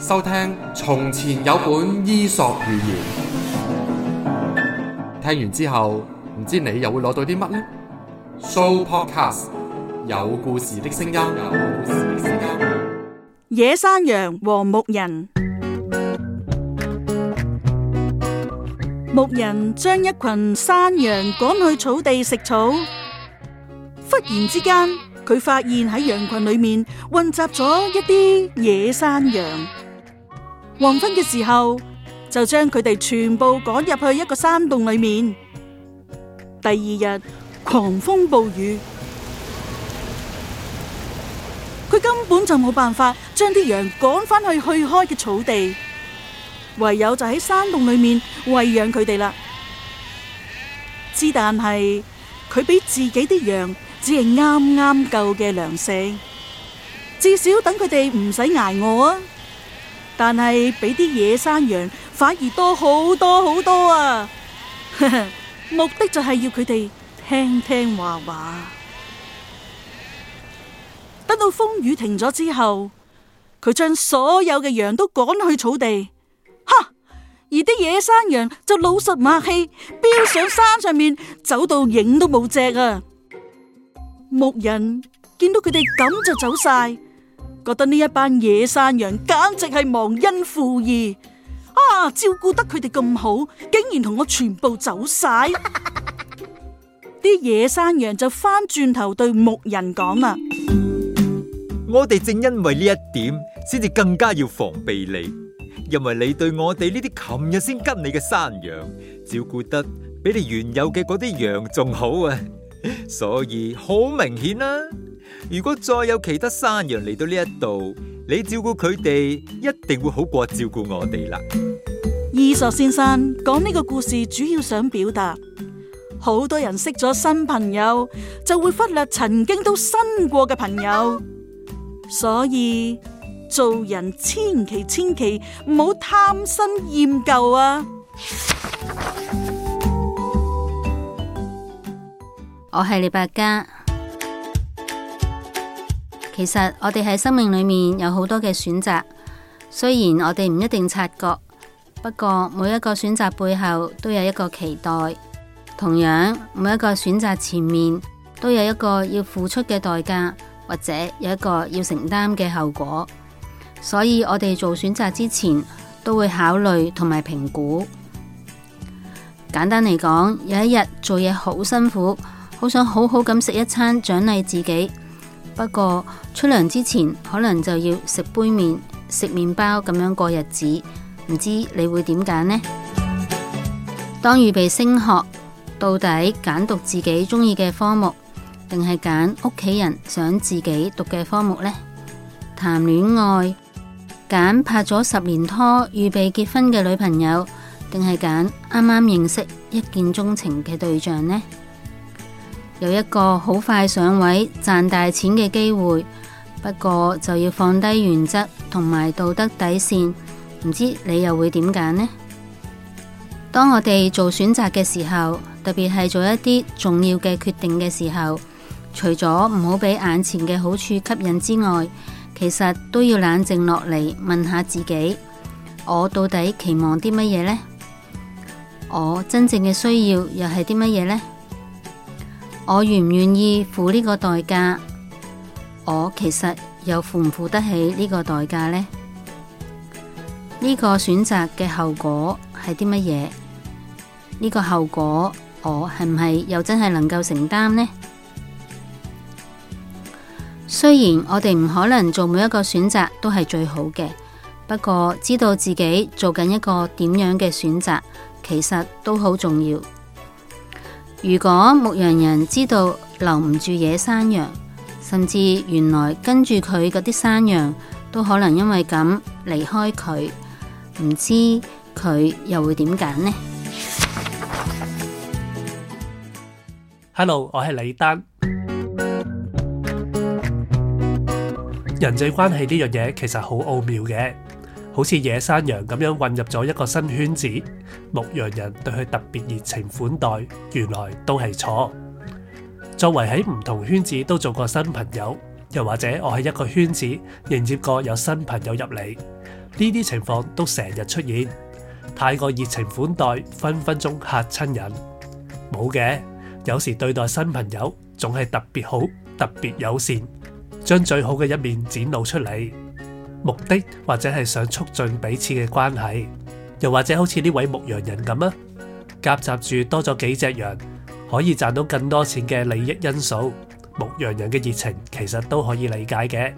收聽從前有本伊索寓言，聽完之後唔知你又會攞到啲乜呢？Show podcast 有故事的聲音，有故事的聲音，野山羊和牧人。牧人將一群山羊趕去草地食草，忽然之間佢發現喺羊群裏面混雜咗一啲野山羊。黃昏嘅時候，就將佢哋全部趕入去一個山洞裏面。第二日狂風暴雨，佢根本就冇辦法將啲羊趕返去去開嘅草地，唯有就喺山洞裏面餵養佢哋啦。之但係佢俾自己啲羊隻係啱啱夠嘅糧食，至少等佢哋唔使挨餓啊！但係俾啲野山羊反而多好多好多啊！ 目的就係要佢哋聽聽話話。等到風雨停咗之後，佢將所有嘅羊都趕去草地，哈！而啲野山羊就老實唔客氣，飆上山上面，走到影都冇隻啊！牧人見到佢哋咁就走晒。覺得呢一班野山羊簡直係忘恩負義啊！照顧得佢哋咁好，竟然同我全部走晒，啲野山羊就翻轉頭對牧人講啦：我哋正因為呢一點，先至更加要防備你，因為你對我哋呢啲琴日先跟你嘅山羊照顧得比你原有嘅嗰啲羊仲好啊，所以好明顯啦。如果再有其他山羊嚟到呢一度，你照顧佢哋一定會好過照顧我哋啦。伊索先生講呢個故事主要想表達：好多人識咗新朋友，就會忽略曾經都新過嘅朋友。所以做人千祈千祈唔好貪新厭舊啊！我係李伯嘉。其實我哋喺生命裏面有好多嘅選擇，雖然我哋唔一定察覺，不過每一個選擇背後都有一個期待，同樣每一個選擇前面都有一個要付出嘅代價，或者有一個要承擔嘅後果。所以我哋做選擇之前都會考慮同埋評估。簡單嚟講，有一日做嘢好辛苦，好想好好咁食一餐獎勵自己。不過出糧之前，可能就要食杯麵、食麵包咁樣過日子，唔知你會點揀呢？當預備升學，到底揀讀自己中意嘅科目，定係揀屋企人想自己讀嘅科目呢？談戀愛，揀拍咗十年拖預備結婚嘅女朋友，定係揀啱啱認識一見鍾情嘅對象呢？有一個好快上位、賺大錢嘅機會，不過就要放低原則同埋道德底線，唔知你又會點揀呢？當我哋做選擇嘅時候，特別係做一啲重要嘅決定嘅時候，除咗唔好俾眼前嘅好處吸引之外，其實都要冷靜落嚟，問下自己：我到底期望啲乜嘢呢？我真正嘅需要又係啲乜嘢呢？我願唔願意付呢個代價？我其實又付唔付得起呢個代價呢？呢個選擇嘅後果係啲乜嘢？呢個後果我係唔係又真係能夠承擔呢？雖然我哋唔可能做每一個選擇都係最好嘅，不過知道自己做緊一個點樣嘅選擇，其實都好重要。如果牧羊人知道留唔住野山羊，甚至原來跟住佢嗰啲山羊都可能因為咁離開佢，唔知佢又會點揀呢？Hello，我係李丹，人際關係呢樣嘢其實好奧妙嘅。好似野山羊咁樣混入咗一個新圈子，牧羊人對佢特別熱情款待，原來都係錯。作為喺唔同圈子都做過新朋友，又或者我喺一個圈子迎接過有新朋友入嚟，呢啲情況都成日出現。太過熱情款待，分分鐘嚇親人。冇嘅，有時對待新朋友，總係特別好，特別友善，將最好嘅一面展露出嚟。目的或者係想促進彼此嘅關係，又或者好似呢位牧羊人咁啊，夾雜住多咗幾隻羊，可以賺到更多錢嘅利益因素。牧羊人嘅熱情其實都可以理解嘅。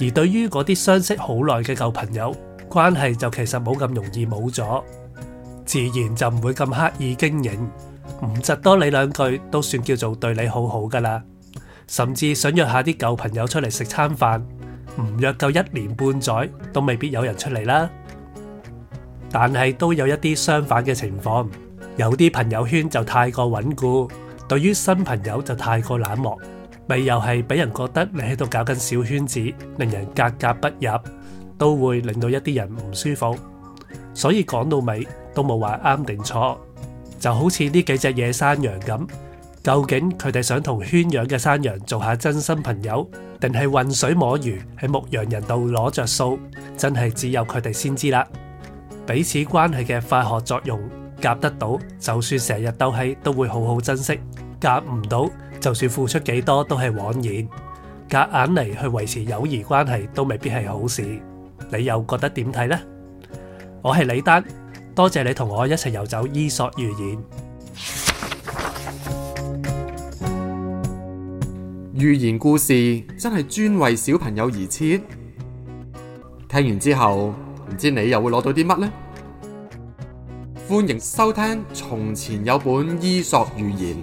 而對於嗰啲相識好耐嘅舊朋友，關係就其實冇咁容易冇咗，自然就唔會咁刻意經營，唔窒多你兩句都算叫做對你好好噶啦。甚至想約下啲舊朋友出嚟食餐飯。唔約夠一年半載，都未必有人出嚟啦。但係都有一啲相反嘅情況，有啲朋友圈就太過穩固，對於新朋友就太過冷漠，咪又係俾人覺得你喺度搞緊小圈子，令人格格不入，都會令到一啲人唔舒服。所以講到尾都冇話啱定錯，就好似呢幾隻野山羊咁。究竟佢哋想同圈養嘅山羊做下真心朋友，定係混水摸魚喺牧羊人度攞着數？真係只有佢哋先知啦。彼此關係嘅化學作用夾得到，就算成日鬥氣，都會好好珍惜；夾唔到，就算付出幾多都係枉然。夾硬嚟去維持友誼關係，都未必係好事。你又覺得點睇呢？我係李丹，多謝你同我一齊遊走伊索寓言。寓言故事真係專為小朋友而設，聽完之後唔知你又會攞到啲乜呢？歡迎收聽《從前有本伊索寓言》。